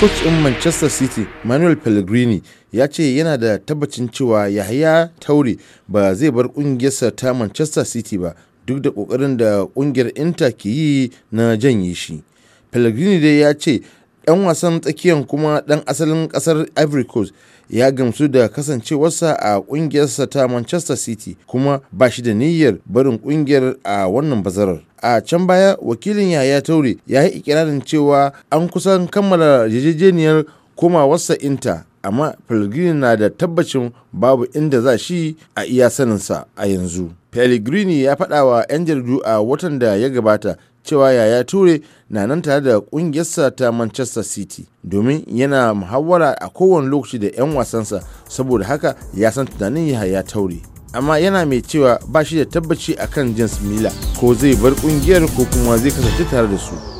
coach in manchester city manuel pellegrini ya ce yana da tabbacin cewa yahaya taure ba zai bar ƙungiyarsa ta manchester city ba duk da kokarin da kungiyar inter ke yi na janye shi pellegrini dai ya ce ɗan wasan tsakiyan kuma ɗan asalin kasar ivory coast ya gamsu da kasancewarsa a ƙungiyarsa ta manchester city kuma ba shi da niyyar barin kungiyar a wannan bazarar a can baya wakilin yaya taure ya yi ikirarin cewa an kusan kammala yarjejeniyar komawarsa inta amma pellegrini na da tabbacin babu inda za shi a iya saninsa a yanzu pellegrini ya faɗa wa 'yan jaridu a watan da ya gabata cewa yaya ture na nan tare da ƙungiyarsa ta manchester city domin yana muhawara a kowane lokaci da 'yan wasansa saboda haka ya san tunanin yaya taure amma yana mai cewa ba shi da tabbaci akan james miller ko zai bar kungiyar ko kuma zai kasance tare da su